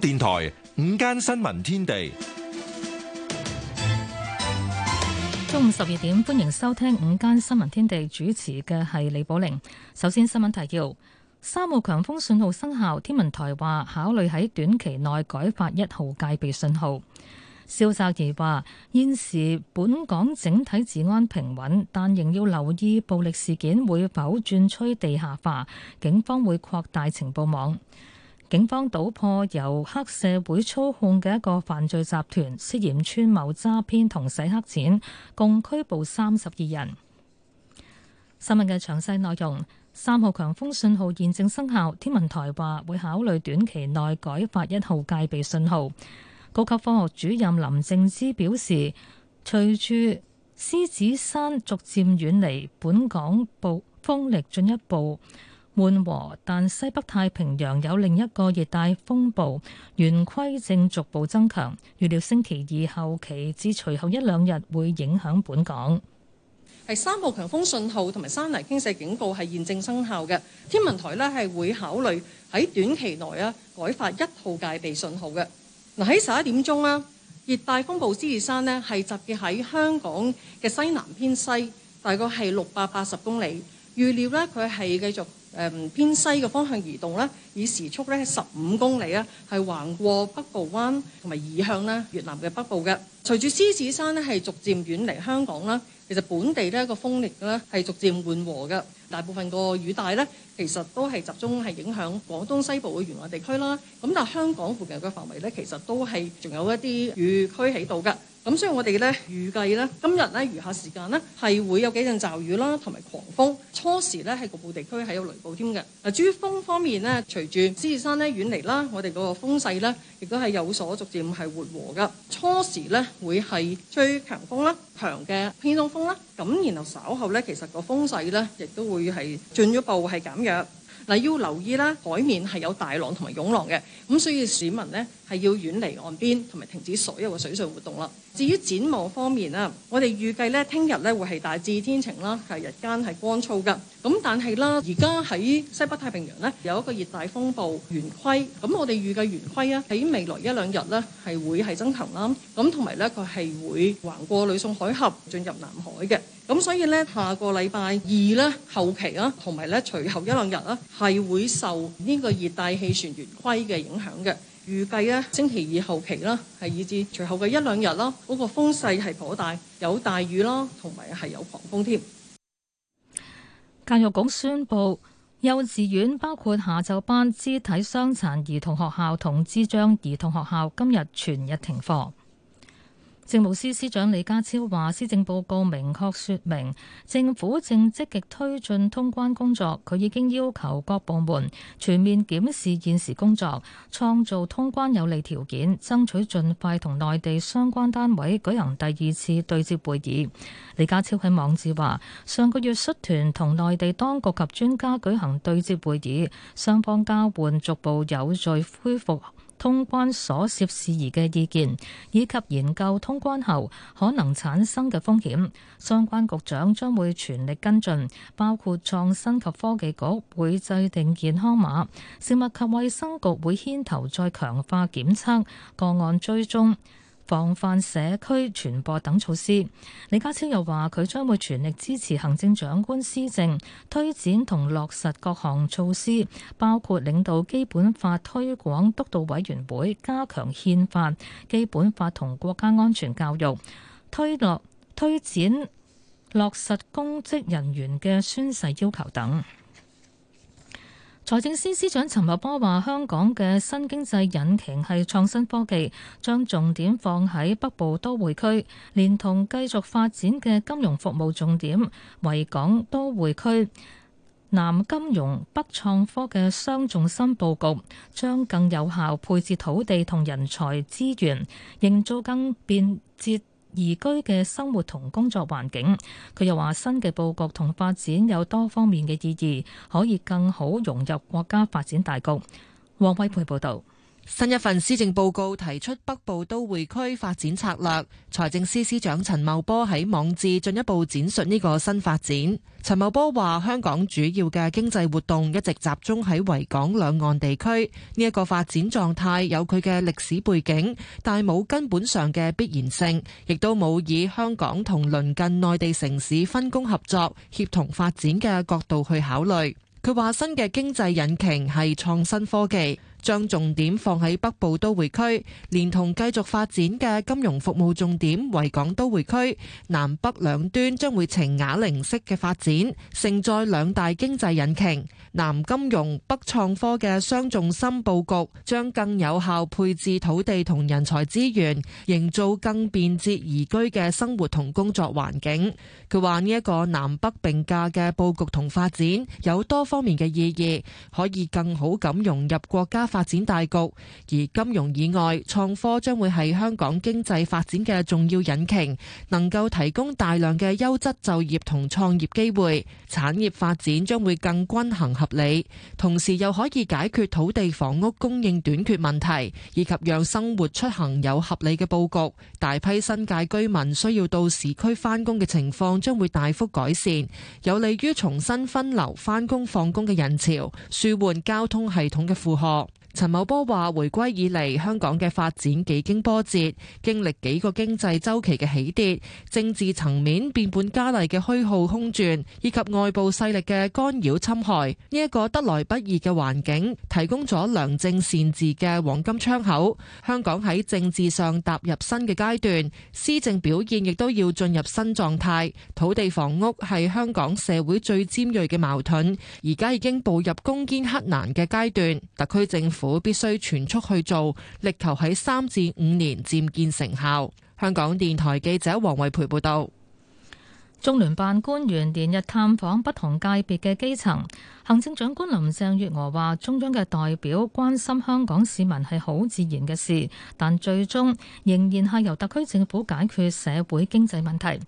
電台午間新聞天地，中午十二點，歡迎收聽午間新聞天地，主持嘅係李寶玲。首先新聞提要：三號強風信號生效，天文台話考慮喺短期內改發一號戒備信號。蕭澤頤話：現時本港整體治安平穩，但仍要留意暴力事件會否轉趨地下化，警方會擴大情報網。警方搗破由黑社會操控嘅一個犯罪集團，涉嫌串謀詐騙同洗黑錢，共拘捕三十二人。新聞嘅詳細內容，三號強風信號現正生效，天文台話會考慮短期內改發一號戒備信號。高級科學主任林靜芝表示，隨住獅子山逐漸遠離本港，暴風力進一步緩和，但西北太平洋有另一個熱帶風暴，圓規正逐步增強，預料星期二後期至隨後一兩日會影響本港。係三號強風信號同埋山泥傾瀉警告係現正生效嘅，天文台呢，係會考慮喺短期內啊改發一號戒備信號嘅嗱。喺十一點鐘啊，熱帶風暴獅子山呢係集結喺香港嘅西南偏西，大概係六百八十公里。預料呢，佢係繼續。偏西嘅方向移動，以時速十五公里，係橫過北部灣同埋移向越南嘅北部嘅。隨住獅子山係逐漸遠離香港，其實本地咧個風力係逐漸緩和嘅，大部分個雨帶其實都係集中係影響廣東西部嘅沿海地區啦。咁但係香港附近嘅範圍，其實都係仲有一啲雨區喺度嘅。咁所以我哋呢，預計呢今日呢，餘下時間呢，係會有幾陣驟雨啦，同埋狂風。初時呢，係局部地區係有雷暴添嘅。至於風方面呢，隨住獅子山呢遠離啦，我哋嗰個風勢呢，亦都係有所逐漸係緩和㗎。初時呢，會係吹強風啦，強嘅偏東風啦，咁然後稍後呢，其實個風勢呢，亦都會係進一步係減弱。嗱，要留意啦，海面係有大浪同埋湧浪嘅，咁所以市民咧係要遠離岸邊同埋停止所有嘅水上活動啦。至於展望方面啊，我哋預計咧聽日咧會係大致天晴啦，係日間係乾燥嘅。咁但係啦，而家喺西北太平洋呢有一個熱帶風暴圓規，咁我哋預計圓規啊喺未來一兩日呢係會係增強啦，咁同埋呢佢係會橫過呂宋海峽進入南海嘅。咁所以呢，下個禮拜二呢，後期啦，同埋呢隨後一兩日啦，係會受呢個熱帶氣旋圓規嘅影響嘅。預計呢，星期二後期啦，係以至隨後嘅一兩日啦，嗰個風勢係頗大，有大雨啦，同埋係有狂風添。教育局宣布，幼稚園包括下晝班肢體傷殘兒童學校同智障兒童學校今日全日停課。政務司司長李家超話，施政報告明確說明政府正積極推進通關工作，佢已經要求各部門全面檢視現時工作，創造通關有利條件，爭取盡快同內地相關單位舉行第二次對接會議。李家超喺網誌話，上個月率團同內地當局及專家舉行對接會議，雙方交換逐步有序恢復。通關所涉事宜嘅意見，以及研究通關後可能產生嘅風險，相關局長將會全力跟進，包括創新及科技局會制定健康碼，食物及衛生局會牽頭再強化檢測，個案追蹤，防範社區傳播等措施，李家超又話：佢將會全力支持行政長官施政，推展同落實各項措施，包括領導基本法推廣督導委員會，加強憲法、基本法同國家安全教育，推落推展落實公職人員嘅宣誓要求等。財政司司長陳茂波話：香港嘅新經濟引擎係創新科技，將重點放喺北部都會區，連同繼續發展嘅金融服務重點，維港都會區、南金融、北創科嘅雙重心佈局，將更有效配置土地同人才資源，營造更便捷，移居嘅生活同工作環境，佢又話新嘅布局同發展有多方面嘅意義，可以更好融入國家發展大局。王惠佩報道。新一份施政報告提出北部都會區發展策略，財政司司長陳茂波喺網誌進一步展述呢個新發展。陳茂波話：香港主要嘅經濟活動一直集中喺維港兩岸地區，呢一個發展狀態有佢嘅歷史背景，但冇根本上嘅必然性，亦都冇以香港同鄰近內地城市分工合作、協同發展嘅角度去考慮。佢話新嘅經濟引擎係創新科技，將重點放喺北部都會區，連同繼續發展嘅金融服務重點維港都會區，南北兩端將會呈啞鈴式嘅發展，盛載兩大經濟引擎，南金融北創科嘅雙重心布局，將更有效配置土地同人才資源，營造更便捷宜居嘅生活同工作環境。佢話呢一個南北並駕嘅布局同發展有多方面嘅意義，可以更好咁融入國家發展大局，而金融以外，創科將會係香港經濟發展嘅重要引擎，能夠提供大量嘅優質就業同創業機會，產業發展將會更均衡合理，同時又可以解決土地房屋供應短缺問題，以及讓生活出行有合理嘅布局。大批新界居民需要到市區翻工嘅情況將會大幅改善，有利於重新分流翻工放工嘅人潮，舒緩交通系統嘅負荷。陳茂波話：回歸以嚟，香港嘅發展幾經波折，經歷幾個經濟周期嘅起跌，政治層面變本加厲嘅虛耗空轉，以及外部勢力嘅干擾侵害，呢一個得來不易嘅環境，提供咗良政善治嘅黃金窗口。香港喺政治上踏入新嘅階段，施政表現亦都要進入新狀態。土地房屋係香港社會最尖銳嘅矛盾，而家已經步入攻堅克難嘅階段。特區政府。府必須全速去做，力求喺三至五年漸見成效。香港電台記者黃惠培報導，中聯辦官員連日探訪不同界別嘅基層，行政長官林鄭月娥話：中央嘅代表關心香港市民係好自然嘅事，但最終仍然係由特區政府解決社會經濟問題。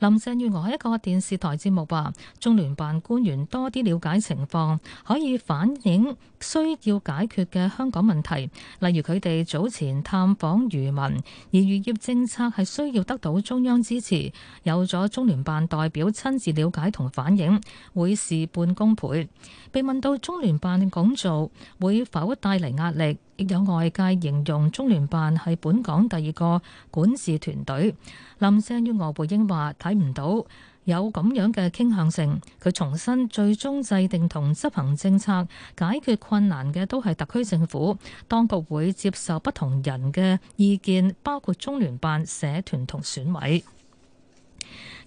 林鄭月娥喺一個電視台節目話：中聯辦官員多啲了解情況，可以反映需要解決嘅香港問題，例如佢哋早前探訪漁民，而漁業政策係需要得到中央支持。有咗中聯辦代表親自了解同反映，會事半功倍。被問到中聯辦咁做會否帶嚟壓力？亦有外界形容中聯辦係本港第二個管治團隊。林鄭月娥回應話：睇唔到有咁樣嘅傾向性。佢重申，最終制定同執行政策解決困難嘅都係特區政府當局，會接受不同人嘅意見，包括中聯辦、社團同選委。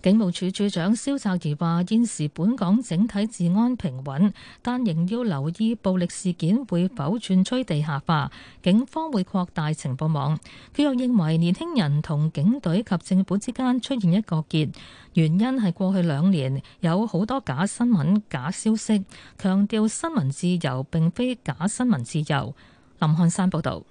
警務署處長蕭澤頤話：現時本港整體治安平穩，但仍要留意暴力事件會否轉趨地下化。警方會擴大情報網。佢又認為年輕人同警隊及政府之間出現一個結，原因係過去兩年有好多假新聞、假消息，強調新聞自由並非假新聞自由。林漢山報道。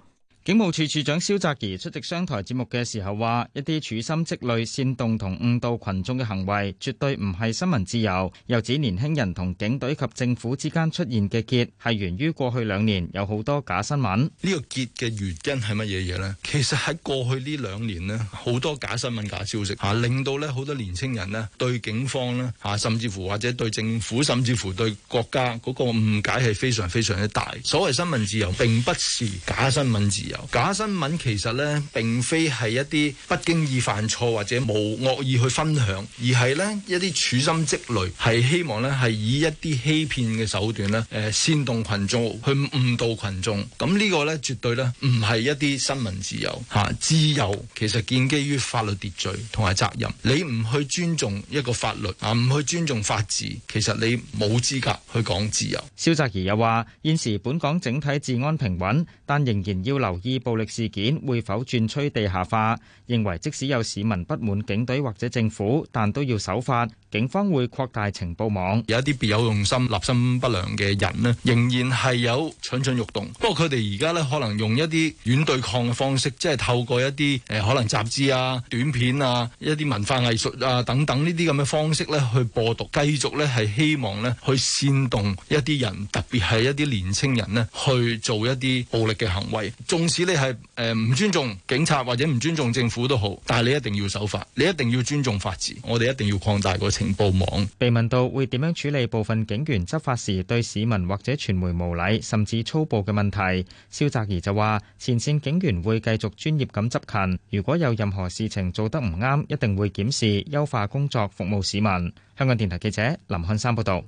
警務處處長蕭澤頤出席商台節目嘅時候話，一啲處心積慮煽動同誤導群眾嘅行為，絕對唔係新聞自由。又指年輕人同警隊及政府之間出現嘅結，係源於過去兩年有好多假新聞。呢個結嘅原因係乜嘢嘢呢？其實喺過去呢兩年呢，好多假新聞、假消息吓，令到呢好多年輕人咧對警方吓，甚至乎或者對政府，甚至乎對國家嗰個誤解係非常非常之大。所謂新聞自由，並不是假新聞自由。假新聞其實咧並非係一啲不經意犯錯或者冇惡意去分享，而係呢一啲處心積慮，係希望呢係以一啲欺騙嘅手段呢，誒煽動群眾去誤導群眾。咁呢個呢，絕對呢唔係一啲新聞自由。啊，自由其實建基於法律秩序同埋責任。你唔去尊重一個法律啊，唔去尊重法治，其實你冇資格去講自由。蕭澤頤又話：現時本港整體治安平穩，但仍然要留意。以暴力事件會否轉趨地下化？認為即使有市民不滿警隊或者政府，但都要守法。警方會擴大情報網，有一啲別有用心、立心不良嘅人呢仍然係有蠢蠢欲動。不過佢哋而家可能用一啲軟對抗嘅方式，即係透過一啲、呃、可能雜誌啊、短片啊、一啲文化藝術啊等等呢啲咁嘅方式呢去播毒，繼續呢係希望呢去煽動一啲人，特別係一啲年青人呢去做一啲暴力嘅行為。縱使你係誒唔尊重警察或者唔尊重政府都好，但係你一定要守法，你一定要尊重法治。我哋一定要擴大個情報網被問到會點樣處理部分警員執法時對市民或者傳媒無禮甚至粗暴嘅問題，蕭澤頤就話：前線警員會繼續專業咁執勤，如果有任何事情做得唔啱，一定會檢視優化工作，服務市民。香港電台記者林漢山報道。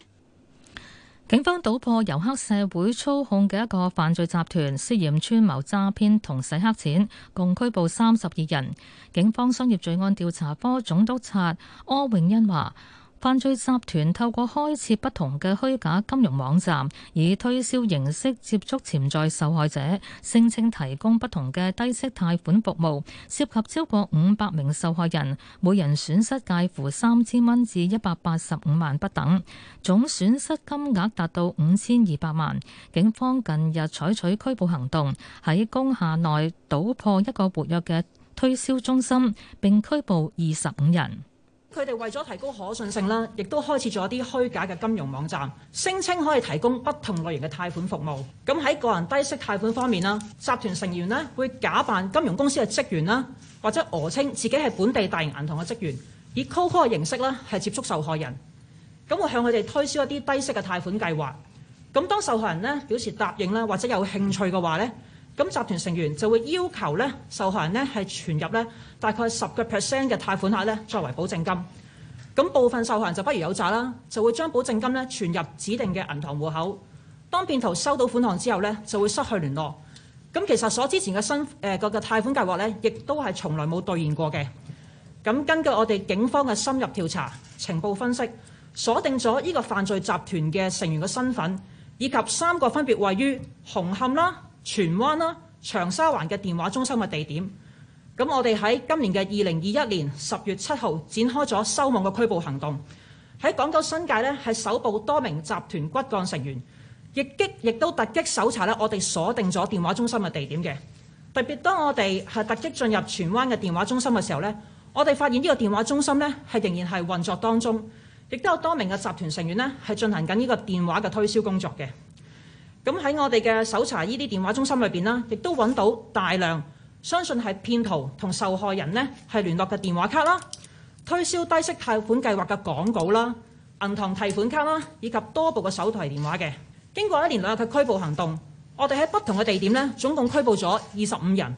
警方搗破由黑社會操控嘅一個犯罪集團，涉嫌串謀詐騙同洗黑錢，共拘捕三十二人。警方商業罪案調查科總督察柯永恩話。犯罪集團透過開設不同嘅虛假金融網站，以推銷形式接觸潛在受害者，聲稱提供不同嘅低息貸款服務，涉及超過五百名受害人，每人損失介乎三千蚊至一百八十五萬不等，總損失金額達到五千二百萬。警方近日採取拘捕行動，喺工廈內搗破一個活躍嘅推銷中心，並拘捕二十五人。佢哋為咗提高可信性啦，亦都開始做一啲虛假嘅金融網站，聲稱可以提供不同類型嘅貸款服務。咁喺個人低息貸款方面啦，集團成員咧會假扮金融公司嘅職員啦，或者訛稱自己係本地大型銀行嘅職員，以 cold call 嘅形式咧係接觸受害人。咁會向佢哋推銷一啲低息嘅貸款計劃。咁當受害人咧表示答應啦，或者有興趣嘅話咧。咁集團成員就會要求咧受害人咧係存入咧大概十個 percent 嘅貸款額咧作為保證金。咁部分受害人就不虞有詐啦，就會將保證金咧存入指定嘅銀行戶口。當騙徒收到款項之後咧就會失去聯絡。咁其實所之前嘅新誒個個貸款計劃咧，亦都係從來冇兌現過嘅。咁根據我哋警方嘅深入調查、情報分析，鎖定咗呢個犯罪集團嘅成員嘅身份，以及三個分別位於紅磡啦、荃灣啦、長沙灣嘅電話中心嘅地點，咁我哋喺今年嘅二零二一年十月七號展開咗收網嘅拘捕行動，喺港九新界呢，係首部多名集團骨幹成員，亦擊亦都突擊搜查咧我哋鎖定咗電話中心嘅地點嘅。特別當我哋係突擊進入荃灣嘅電話中心嘅時候呢，我哋發現呢個電話中心呢，係仍然係運作當中，亦都有多名嘅集團成員呢，係進行緊呢個電話嘅推銷工作嘅。咁喺我哋嘅搜查呢啲電話中心裏邊啦，亦都揾到大量相信係騙徒同受害人咧係聯絡嘅電話卡啦、推銷低息貸款計劃嘅廣告啦、銀行提款卡啦，以及多部嘅手提電話嘅。經過一年兩日嘅拘捕行動，我哋喺不同嘅地點咧，總共拘捕咗二十五人，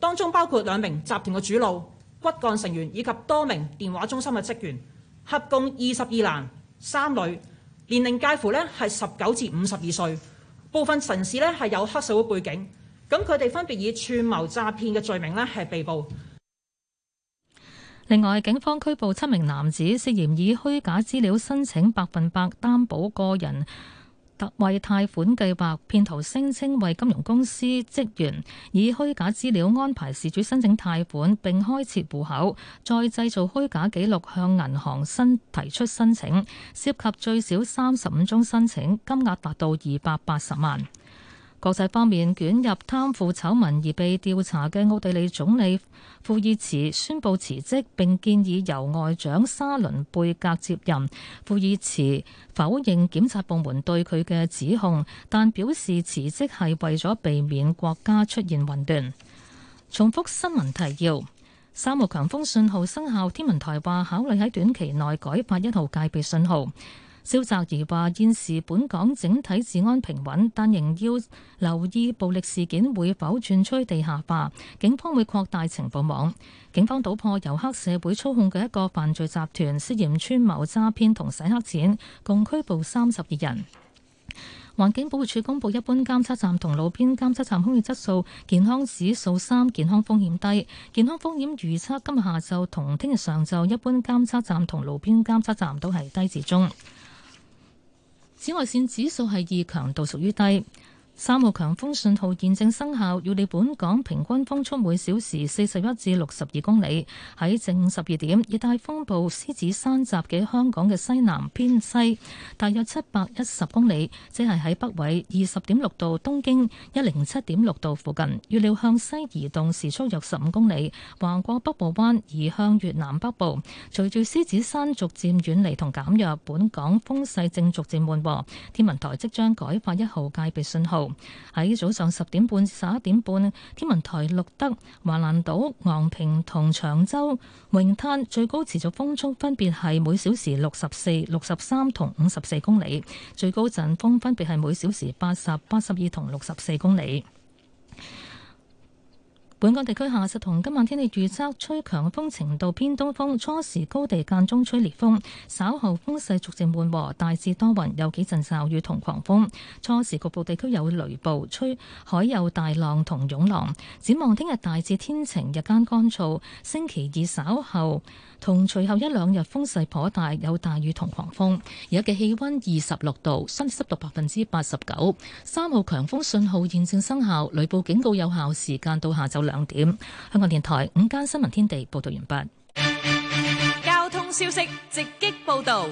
當中包括兩名集團嘅主腦、骨幹成員以及多名電話中心嘅職員合共二十二男三女，年齡介乎咧係十九至五十二歲。部分人士咧係有黑社會背景，咁佢哋分別以串謀詐騙嘅罪名咧係被捕。另外，警方拘捕七名男子，涉嫌以虛假資料申請百分百擔保個人為貸款計劃，騙徒聲稱為金融公司職員，以虛假資料安排事主申請貸款，並開設戶口，再製造虛假記錄向銀行申提出申請，涉及最少三十五宗申請，金額達到二百八十萬。國際方面，捲入貪腐醜聞而被調查嘅奧地利總理庫爾茨宣布辭職，並建議由外長沙倫貝格接任。庫爾茨否認檢察部門對佢嘅指控，但表示辭職係為咗避免國家出現混亂。重複新聞提要：三號強風信號生效，天文台話考慮喺短期內改發一號戒備信號。蕭澤頤話：現時本港整體治安平穩，但仍要留意暴力事件會否轉趨地下化。警方會擴大情報網。警方搗破由黑社會操控嘅一個犯罪集團，涉嫌串謀詐騙同洗黑錢，共拘捕三十二人。環境保護署公布一般監測站同路邊監測站空氣質素健康指數三，健康風險低。健康風險預測今日下晝同聽日上晝一般監測站同路邊監測站都係低至中。紫外線指數係二，強度屬於低。三號強風信號現正生效，預料本港平均風速每小時四十一至六十二公里。喺正十二點，熱帶風暴獅子山襲擊香港嘅西南偏西，大約七百一十公里，即係喺北緯二十點六度東京、東經一零七點六度附近。預料向西移動時速約十五公里，橫過北部灣，移向越南北部。隨住獅子山逐漸遠離同減弱，本港風勢正逐漸緩和。天文台即將改發一號戒備信號。喺早上十點半至十一點半，天文台錄得華蘭島、昂坪同長洲泳灘最高持續風速分別係每小時六十四、六十三同五十四公里，最高陣風分別係每小時八十、八十二同六十四公里。本港地區下實同今晚天氣預測，吹強風程度偏東風，初時高地間中吹烈風，稍後風勢逐漸緩和，大致多雲，有幾陣驟雨同狂風，初時局部地區有雷暴，吹海有大浪同湧浪。展望聽日大致天晴，日間乾燥。星期二稍後。同隨後一兩日風勢頗大，有大雨同狂風。而家嘅氣温二十六度，相對濕度百分之八十九。三號強風信號現正生效，雷暴警告有效時間到下晝兩點。香港電台午間新聞天地報道完畢。交通消息直擊報導。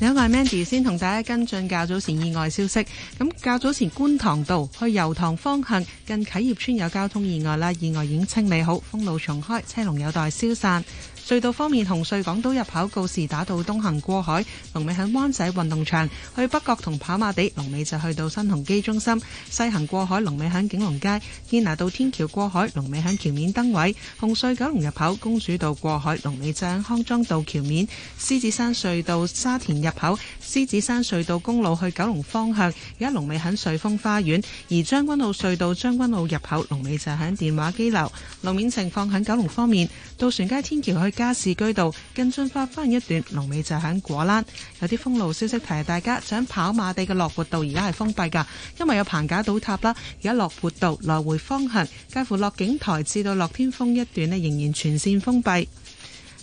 有一位 Mandy 先同大家跟進較早前意外消息。咁較早前觀塘道去油塘方向近啟業村有交通意外啦，意外已經清理好，封路重開，車龍有待消散。隧道方面，紅隧港島入口告士打道東行過海，龍尾喺灣仔運動場；去北角同跑馬地，龍尾就去到新鴻基中心。西行過海，在龍尾喺景隆街；堅拿道天橋過海，龍尾喺橋面燈位。紅隧九龍入口公主道過海，龍尾就在康莊道橋面。獅子山隧道沙田入口，獅子山隧道公路去九龍方向，而家龍尾喺瑞峰花園。而將軍澳隧道將軍澳入口，龍尾就喺電話機樓。路面情況喺九龍方面，渡船街天橋去，加士居道近駿發花園一段，龍尾就喺果欄。有啲封路消息提下大家，就喺跑馬地嘅樂活道而家係封閉噶，因為有棚架倒塌啦。而家樂活道來回方向，介乎，乎樂景台至到樂天峰一段呢，仍然全線封閉。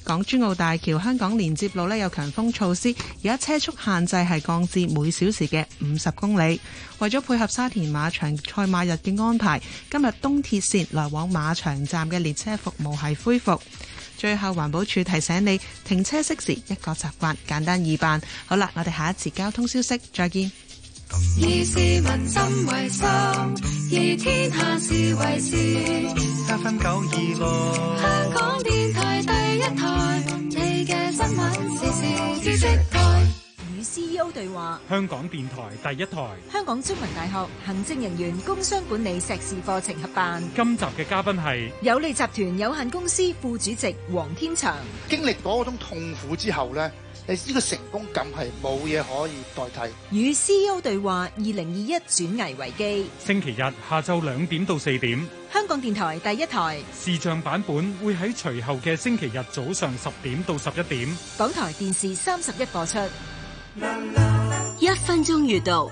港珠澳大橋香港連接路呢，有強風措施，而家車速限制係降至每小時嘅五十公里。為咗配合沙田馬場賽馬日嘅安排，今日東鐵綫來往馬場站嘅列車服務係恢復。最後，環保署提醒你停車熄匙一個習慣，簡單易辦。好啦，我哋下一次交通消息再見。以市民 CEO 對話。香港電台第一台，香港中文大學行政人員工商管理碩士課程合辦。今集嘅嘉賓係有利集團有限公司副主席黃天祥。經歷嗰種痛苦之後呢，你呢個成功感係冇嘢可以代替。與一分鐘閱讀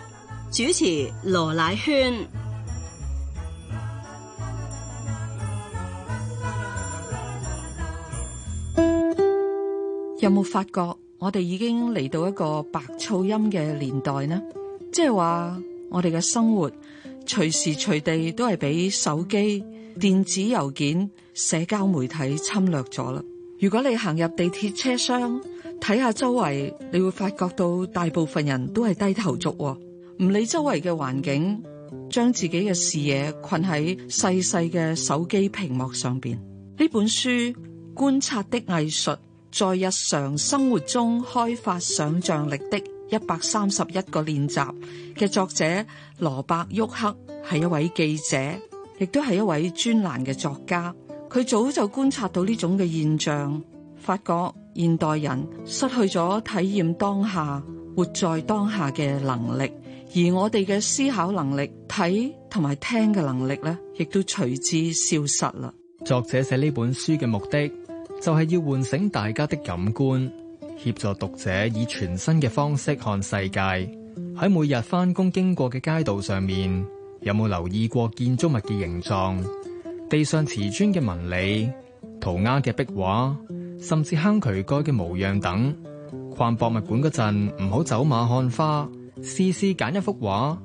主持羅乃萱。有冇發覺我哋已經嚟到一個白噪音嘅年代呢？即係話我哋嘅生活隨時隨地都係俾手機、電子郵件、社交媒體侵略咗啦。如果你行入地鐵車廂，睇下周圍，你會發覺到大部分人都係低頭族喎，唔理周圍嘅環境，將自己嘅視野困喺細細嘅手機屏幕上邊。呢本書《觀察的藝術：在日常生活中開發想象力的一百三十一個練習》嘅作者羅伯·沃克係一位記者，亦都係一位專欄嘅作家。佢早就觀察到呢種嘅現象，發覺。現代人失去咗體驗當下、活在當下嘅能力，而我哋嘅思考能力、睇同埋聽嘅能力咧，亦都隨之消失啦。作者寫呢本書嘅目的，就係、是、要喚醒大家的感官，協助讀者以全新嘅方式看世界。喺每日翻工經過嘅街道上面，有冇留意過建築物嘅形狀、地上瓷磚嘅紋理、塗鴉嘅壁畫。甚至坑渠蓋嘅模樣等。逛博物館嗰陣，唔好走馬看花，試試揀一幅畫，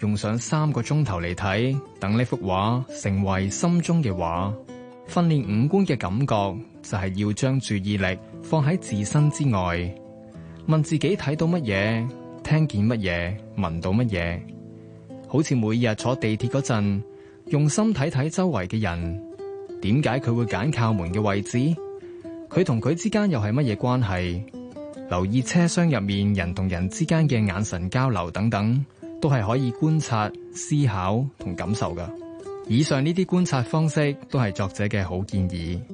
用上三個鐘頭嚟睇，等呢幅畫成為心中嘅畫。訓練五官嘅感覺就係要將注意力放喺自身之外，問自己睇到乜嘢，聽見乜嘢，聞到乜嘢，好似每日坐地鐵嗰陣，用心睇睇周圍嘅人，點解佢會揀靠門嘅位置？佢同佢之間又係乜嘢關係？留意車廂入面人同人之間嘅眼神交流等等，都係可以觀察、思考同感受噶。以上呢啲觀察方式都係作者嘅好建議。